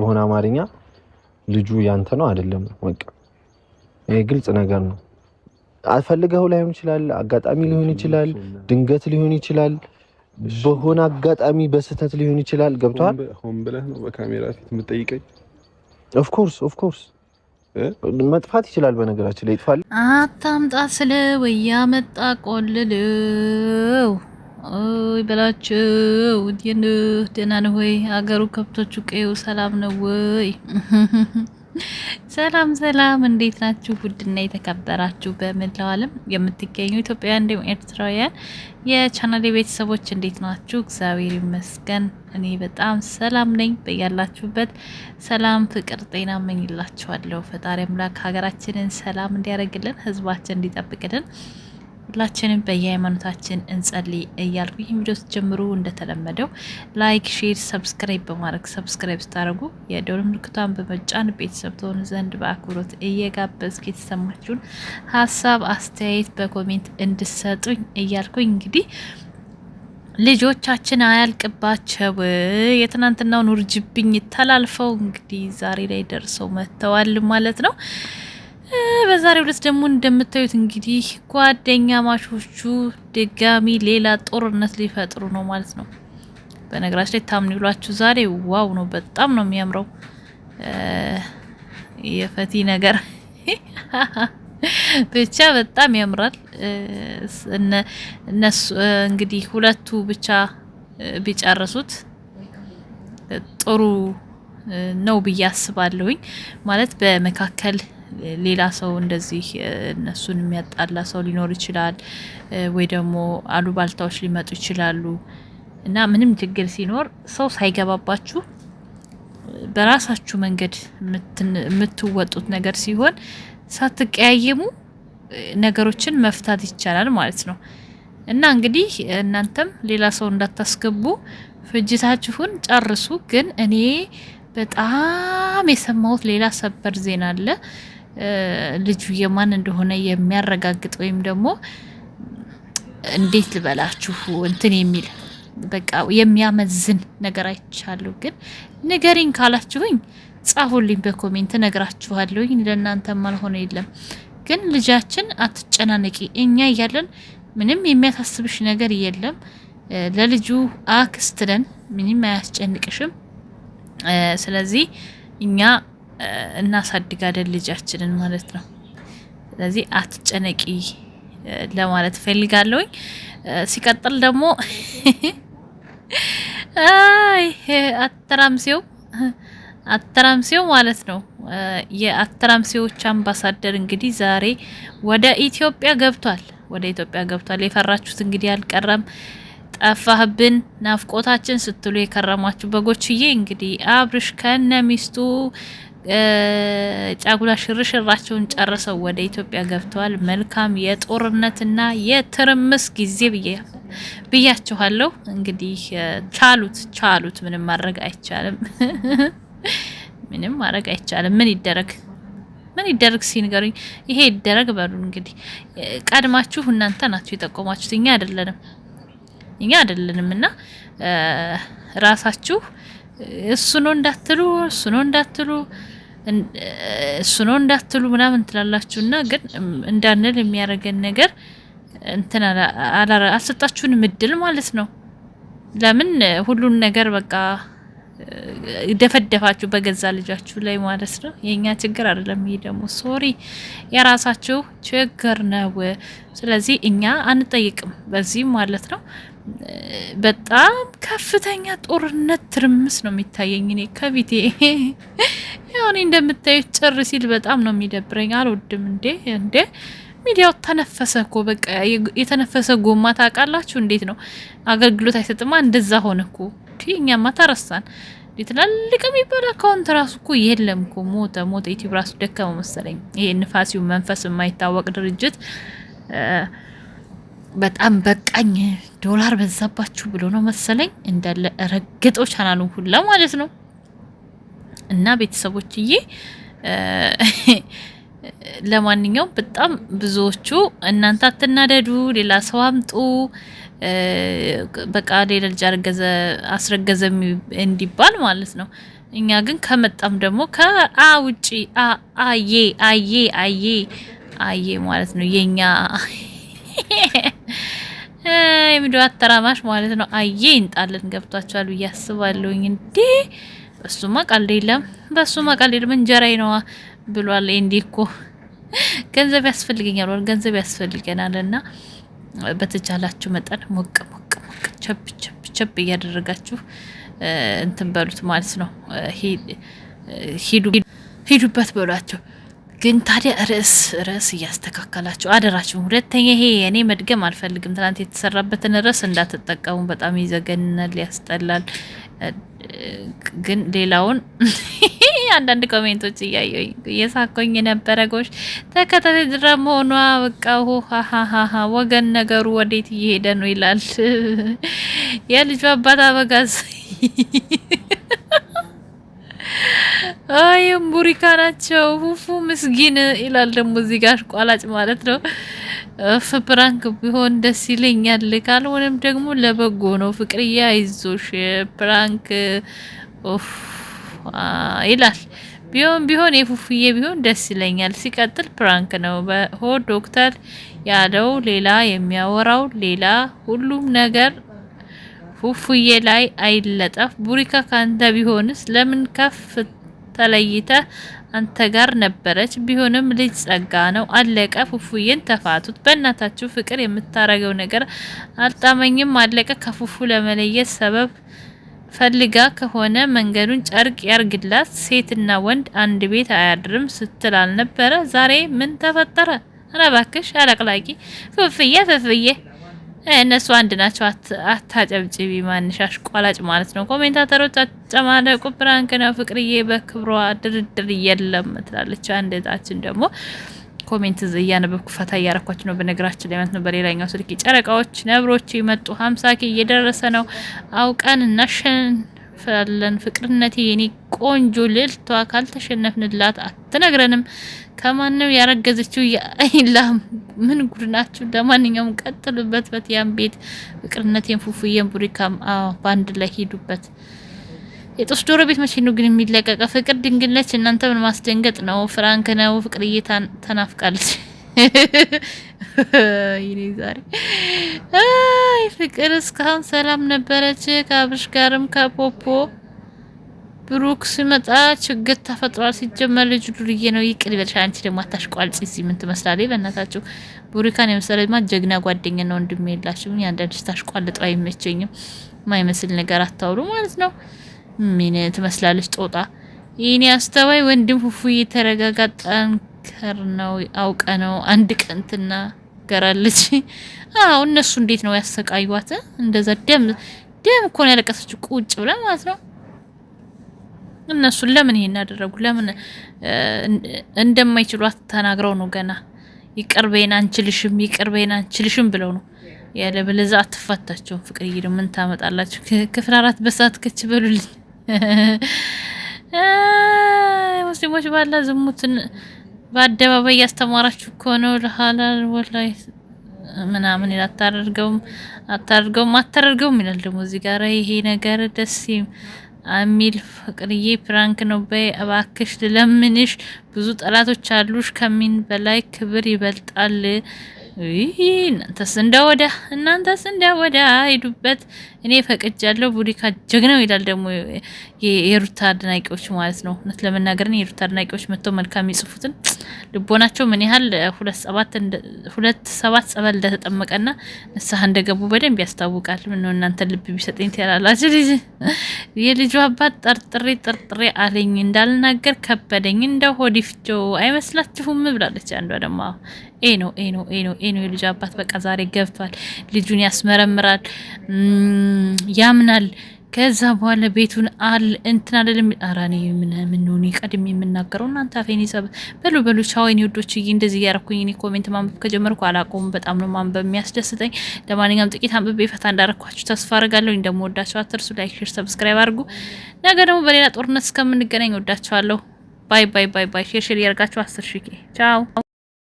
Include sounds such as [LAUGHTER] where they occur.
በሆነ አማርኛ ልጁ ያንተ ነው አይደለም፣ በቃ ይሄ ግልጽ ነገር ነው። አፈልገው ላይሆን ይችላል፣ አጋጣሚ ሊሆን ይችላል፣ ድንገት ሊሆን ይችላል፣ በሆነ አጋጣሚ በስህተት ሊሆን ይችላል። ገብቷል። ሆን ብለህ ነው በካሜራ ፊት የምጠይቀኝ? ኦፍኮርስ ኦፍኮርስ መጥፋት ይችላል። በነገራችን ላይ ይጥፋል። አታምጣ ስለ ወያ ያመጣ ኦይ በላቸው። እንዴት ደህና ነው ወይ? አገሩ ከብቶቹ፣ ቀዩ ሰላም ነው ወይ? [LAUGHS] ሰላም ሰላም፣ እንዴት ናችሁ? ውድና የተከበራችሁ በመላው ዓለም የምትገኙ ኢትዮጵያውያን እንዲሁም ኤርትራውያን የቻናል ቤተሰቦች እንዴት ናችሁ? እግዚአብሔር ይመስገን እኔ በጣም ሰላም ነኝ። በያላችሁበት ሰላም፣ ፍቅር፣ ጤና እመኝላችኋለሁ። ፈጣሪ አምላክ ሀገራችንን ሰላም እንዲያደርግልን፣ ህዝባችን እንዲጠብቅልን ሁላችንም በየሃይማኖታችን እንጸልይ እያልኩ ይህን ቪዲዮ ስትጀምሩ እንደተለመደው ላይክ፣ ሼር፣ ሰብስክራይብ በማድረግ ሰብስክራይብ ስታደርጉ የደወል ምልክቷን በመጫን ቤተሰብ ትሆኑ ዘንድ በአክብሮት እየጋበዝኩ የተሰማችሁን ሀሳብ አስተያየት በኮሜንት እንድሰጡኝ እያልኩኝ እንግዲህ ልጆቻችን አያልቅባቸው የትናንትናውን ውርጅብኝ ተላልፈው እንግዲህ ዛሬ ላይ ደርሰው መጥተዋል ማለት ነው። በዛሬው ዕለት ደግሞ እንደምታዩት እንግዲህ ጓደኛ ማቾቹ ድጋሚ ሌላ ጦርነት ሊፈጥሩ ነው ማለት ነው። በነገራችን ላይ ታምን ይሏችሁ ዛሬ ዋው ነው፣ በጣም ነው የሚያምረው የፈቲ ነገር [LAUGHS] ብቻ በጣም ያምራል። እነሱ እንግዲህ ሁለቱ ብቻ ቢጨርሱት ጥሩ ነው ብዬ አስባለሁኝ ማለት በመካከል ሌላ ሰው እንደዚህ እነሱን የሚያጣላ ሰው ሊኖር ይችላል፣ ወይ ደግሞ አሉባልታዎች ሊመጡ ይችላሉ እና ምንም ችግር ሲኖር ሰው ሳይገባባችሁ በራሳችሁ መንገድ የምትወጡት ነገር ሲሆን ሳትቀያየሙ ነገሮችን መፍታት ይቻላል ማለት ነው። እና እንግዲህ እናንተም ሌላ ሰው እንዳታስገቡ ፍጅታችሁን ጨርሱ። ግን እኔ በጣም የሰማሁት ሌላ ሰበር ዜና አለ። ልጁ የማን እንደሆነ የሚያረጋግጥ ወይም ደግሞ እንዴት ልበላችሁ እንትን የሚል በቃ የሚያመዝን ነገር አይቻለሁ። ግን ንገሪኝ ካላችሁኝ ጻፉልኝ፣ በኮሜንት ነግራችኋለሁኝ። ለእናንተ ማልሆነ የለም። ግን ልጃችን አትጨናነቂ፣ እኛ እያለን ምንም የሚያሳስብሽ ነገር የለም። ለልጁ አክስትለን ምንም አያስጨንቅሽም። ስለዚህ እኛ እናሳድጋለን ልጃችንን ማለት ነው። ስለዚህ አትጨነቂ ለማለት ፈልጋለሁኝ። ሲቀጥል ደግሞ አይ አተራምሴው አተራምሴው ማለት ነው። የአተራምሴዎች አምባሳደር እንግዲህ ዛሬ ወደ ኢትዮጵያ ገብቷል። ወደ ኢትዮጵያ ገብቷል። የፈራችሁት እንግዲህ አልቀረም። ጠፋህብን ናፍቆታችን ስትሉ የከረማችሁ በጎችዬ እንግዲህ አብርሽ ከነ ሚስቱ ጫጉላ ሽርሽራቸውን ጨርሰው ወደ ኢትዮጵያ ገብተዋል። መልካም የጦርነትና የትርምስ ጊዜ ብያችኋለሁ። እንግዲህ ቻሉት ቻሉት። ምንም ማድረግ አይቻልም። [LAUGHS] ምንም ማድረግ አይቻልም። ምን ይደረግ ምን ይደረግ ሲንገሩኝ፣ ይሄ ይደረግ በሉ እንግዲህ። ቀድማችሁ እናንተ ናችሁ የጠቆማችሁት፣ እኛ አይደለንም እኛ አይደለንም እና ራሳችሁ እሱ ነው እንዳትሉ እሱ ነው እንዳትሉ እሱ ነው እንዳትሉ ምናምን ትላላችሁና ግን እንዳንል የሚያደርገን ነገር እንትን አልሰጣችሁን ምድል ማለት ነው። ለምን ሁሉን ነገር በቃ ደፈደፋችሁ በገዛ ልጃችሁ ላይ ማለት ነው። የእኛ ችግር አይደለም ይሄ ደግሞ ሶሪ፣ የራሳችሁ ችግር ነው። ስለዚህ እኛ አንጠይቅም በዚህ ማለት ነው። በጣም ከፍተኛ ጦርነት ትርምስ ነው የሚታየኝ። እኔ ከፊቴ ያሁን እንደምታዩት ጭር ሲል በጣም ነው የሚደብረኝ። አልወድም። እንዴ እንዴ ሚዲያው ተነፈሰ እኮ በቃ የተነፈሰ ጎማ ታውቃላችሁ። እንዴት ነው አገልግሎት አይሰጥማ። እንደዛ ሆነ እኮ እኛማ ተረሳን። ትላልቅ የሚባል አካውንት ራሱ እኮ የለም እኮ ሞተ ሞተ። ዩቲዩብ ራሱ ደከመ መሰለኝ። ይሄ ንፋሲው መንፈስ የማይታወቅ ድርጅት በጣም በቃኝ ዶላር በዛባችሁ ብሎ ነው መሰለኝ እንዳለ ረገጠው ቻናሉ ሁላ ማለት ነው። እና ቤተሰቦችዬ [LAUGHS] ለማንኛውም በጣም ብዙዎቹ እናንተ አትናደዱ፣ ሌላ ሰው አምጡ፣ በቃ ሌላ ልጅ አረገዘ አስረገዘ እንዲባል ማለት ነው። እኛ ግን ከመጣም ደግሞ ከአ ውጪ አዬ አዬ አዬ አዬ ማለት ነው የኛ [LAUGHS] የቪዲዮ አተራማሽ ማለት ነው። አየ ይንጣልን ገብቷቸዋል ብዬ አስባለሁ እንዴ በሱማ ቀልድ የለም፣ በሱማ ቀልድ የለም። እንጀራዬ ነዋ ብሏል። እንዲ እኮ ገንዘብ ያስፈልገኛል ወር ገንዘብ ያስፈልገናል። እና በተቻላችሁ መጠን ሞቅ ሞቅ ሞቅ ቸብ ቸብ ቸብ እያደረጋችሁ እንትን በሉት ማለት ነው። ሂዱ ሂዱበት በሏቸው። ግን ታዲያ ርዕስ ርዕስ እያስተካከላችሁ አደራችሁ። ሁለተኛ ይሄ እኔ መድገም አልፈልግም። ትናንት የተሰራበትን ርዕስ እንዳትጠቀሙ። በጣም ይዘገንናል፣ ያስጠላል። ግን ሌላውን [LAUGHS] አንዳንድ ኮሜንቶች እያየኝ እየሳኮኝ የነበረ ጎሽ ተከታታይ ድራማ ሆኗ በቃ ሀሀሀ ወገን ነገሩ ወዴት እየሄደ ነው ይላል [LAUGHS] የልጁ አባት አበጋዝ አይ እምቡሪካ ናቸው። ሁፉ ምስጊን ይላል ደግሞ እዚህ ጋር አሽቋላጭ ማለት ነው። እፍ ቢሆን ደስ ይለኛል፣ ካልሆነም ደግሞ ለበጎ ነው። ፍቅርዬ አይዞሽ ፕራንክ ይላል። ቢሆን ቢሆን የፉፉዬ ቢሆን ደስ ይለኛል። ሲቀጥል ፕራንክ ነው በሆ ዶክተር ያለው ሌላ የሚያወራው ሌላ ሁሉም ነገር ፉፉዬ ላይ አይለጠፍ። ቡሪካ ካንተ ቢሆንስ ለምን ከፍ ተለይተ አንተ ጋር ነበረች። ቢሆንም ልጅ ጸጋ ነው። አለቀ። ፉፉዬን ተፋቱት። በእናታችሁ ፍቅር የምታረገው ነገር አልጣመኝም። አለቀ። ከፉፉ ለመለየት ሰበብ ፈልጋ ከሆነ መንገዱን ጨርቅ ያርግላት። ሴትና ወንድ አንድ ቤት አያድርም ስትል አልነበረ? ዛሬ ምን ተፈጠረ? እባክሽ አለቅላቂ ፍፍዬ ፍፍዬ እነሱ አንድ ናቸው። አታጨብጭቢ ማንሽ አሽቋላጭ ማለት ነው። ኮሜንታተሮች አጨማለቁ ፕራንክ ነው ፍቅርዬ በክብሯ ድርድር የለም ትላለች። አንድ እህታችን ደግሞ ኮሜንት እያነበብኩ ፈታ እያረኳችሁ ነው በነገራችን ላይ ማለት ነው። በሌላኛው ስልክ ጨረቃዎች ነብሮች መጡ። ሀምሳ ኬ እየደረሰ ነው አውቀን እናሸን ፈለን ፍቅርነቴ የኔ ቆንጆ ልልቷ ካልተሸነፍንላት አትነግረንም። ከማንም ያረገዘችው የአይላ ምን ጉድ ናችሁ? ለማንኛውም ቀጥሉበት። በትያም ቤት ፍቅርነቴን፣ ፉፉዬን፣ ቡሪካም በአንድ ላይ ሄዱበት? የጦስ ዶሮ ቤት መቼ ነው ግን የሚለቀቀ? ፍቅር ድንግለች እናንተ ምን ማስደንገጥ ነው? ፍራንክ ነው። ፍቅርዬ ተናፍቃለች። [LAUGHS] [LAUGHS] ይኔ ዛሬ አይ ፍቅር እስካሁን ሰላም ነበረች። ከአብርሽ ጋርም ከፖፖ ብሩክ ሲመጣ ችግር ተፈጥሯል። ሲጀመር ልጁ ዱርዬ ነው። ይቅር ይበልሽ። አንቺ ደግሞ አታሽቋልጽ። እዚህ ምን ትመስላለች? በእናታችሁ ቡሪካን የመሰለ የመሰለማ ጀግና ጓደኛ ነው። ወንድም የላችሁም። ያንዳንድ ታሽቋልጥ አይመቸኝም። ማይመስል ነገር አታውሉ ማለት ነው። ምን ትመስላለች ጦጣ። ይህኔ አስተዋይ ወንድም ፉፉ እየተረጋጋጠን መከር ነው አውቀ ነው አንድ ቀን እንትና ገራለች። አዎ እነሱ እንዴት ነው ያሰቃዩዋት? እንደዛ ደም ደም እኮ ነው ያለቀሰችው ቁጭ ብላ ማለት ነው። እነሱ ለምን ይሄን አደረጉ? ለምን እንደማይችሏት ተናግረው ነው ገና ይቅርቤን አንችልሽም፣ ይቅርቤን አንችልሽም ብለው ነው ያለ በለዛ አትፋታቸውም። ፍቅርዬ ደግሞ ምን ታመጣላችሁ? ክፍል አራት በሰዓት ከች በሉልኝ ሙስሊሞች ባላ ዝሙትን በአደባባይ እያስተማራችሁ እኮ ነው ለሀላል ወላይ ምናምን ይላል። አታደርገውም አታደርገውም አታደርገውም ይላል። ደግሞ እዚህ ጋር ይሄ ነገር ደስ አሚል ፍቅርዬ ፕራንክ ነው በይ እባክሽ፣ ለምንሽ ብዙ ጠላቶች አሉሽ። ከሚን በላይ ክብር ይበልጣል። ይህ እናንተስ እንዳወዳ እናንተስ እንዳወዳ ሄዱበት። እኔ ፈቅጃለሁ ቡሪካ ጀግናው ይላል። ደግሞ የሩታ አድናቂዎች ማለት ነው። እውነት ለመናገር የሩታ አድናቂዎች መጥተው መልካም ይጽፉትን ልቦናቸው ምን ያህል ሁለት ሰባት ጸበል እንደተጠመቀና ንስሐ እንደገቡ በደንብ ያስታውቃል። ምን ነው እናንተ ልብ ቢሰጠኝ ትላላችሁ። የልጁ አባት ጠርጥሬ ጠርጥሬ አለኝ እንዳልናገር ከበደኝ እንደው ሆዲፍጆ አይመስላችሁም ብላለች አንዷ ደግሞ ኤ ነው ኤ ነው ኤ ነው ኤ ነው። የልጅ አባት በቃ ዛሬ ገብቷል። ልጁን ያስመረምራል፣ ያምናል። ከዛ በኋላ ቤቱን አል እንትን አለልም። ኧረ እኔ ምን ሆነ ቀድሜ የምናገረው እናንተ አፌን ይዘብ በሉ በሉ ቻወይን ወዶች እይ እንደዚህ እያረኩኝ እኔ ኮሜንት ማንበብ ከጀመርኩ አላቆሙ። በጣም ነው ማንበብ የሚያስደስተኝ። ለማንኛውም ጥቂት አንብቤ ፈታ እንዳረኳችሁ ተስፋ አረጋለሁ። እንደምወዳችሁ አትርሱ። ላይክ፣ ሼር፣ ሰብስክራይብ አድርጉ። ነገ ደግሞ በሌላ ጦርነት እስከምንገናኝ ወዳችኋለሁ። ባይ ባይ ባይ ባይ። ሼር ሼር ያርጋችሁ አስር ሺህ ቻው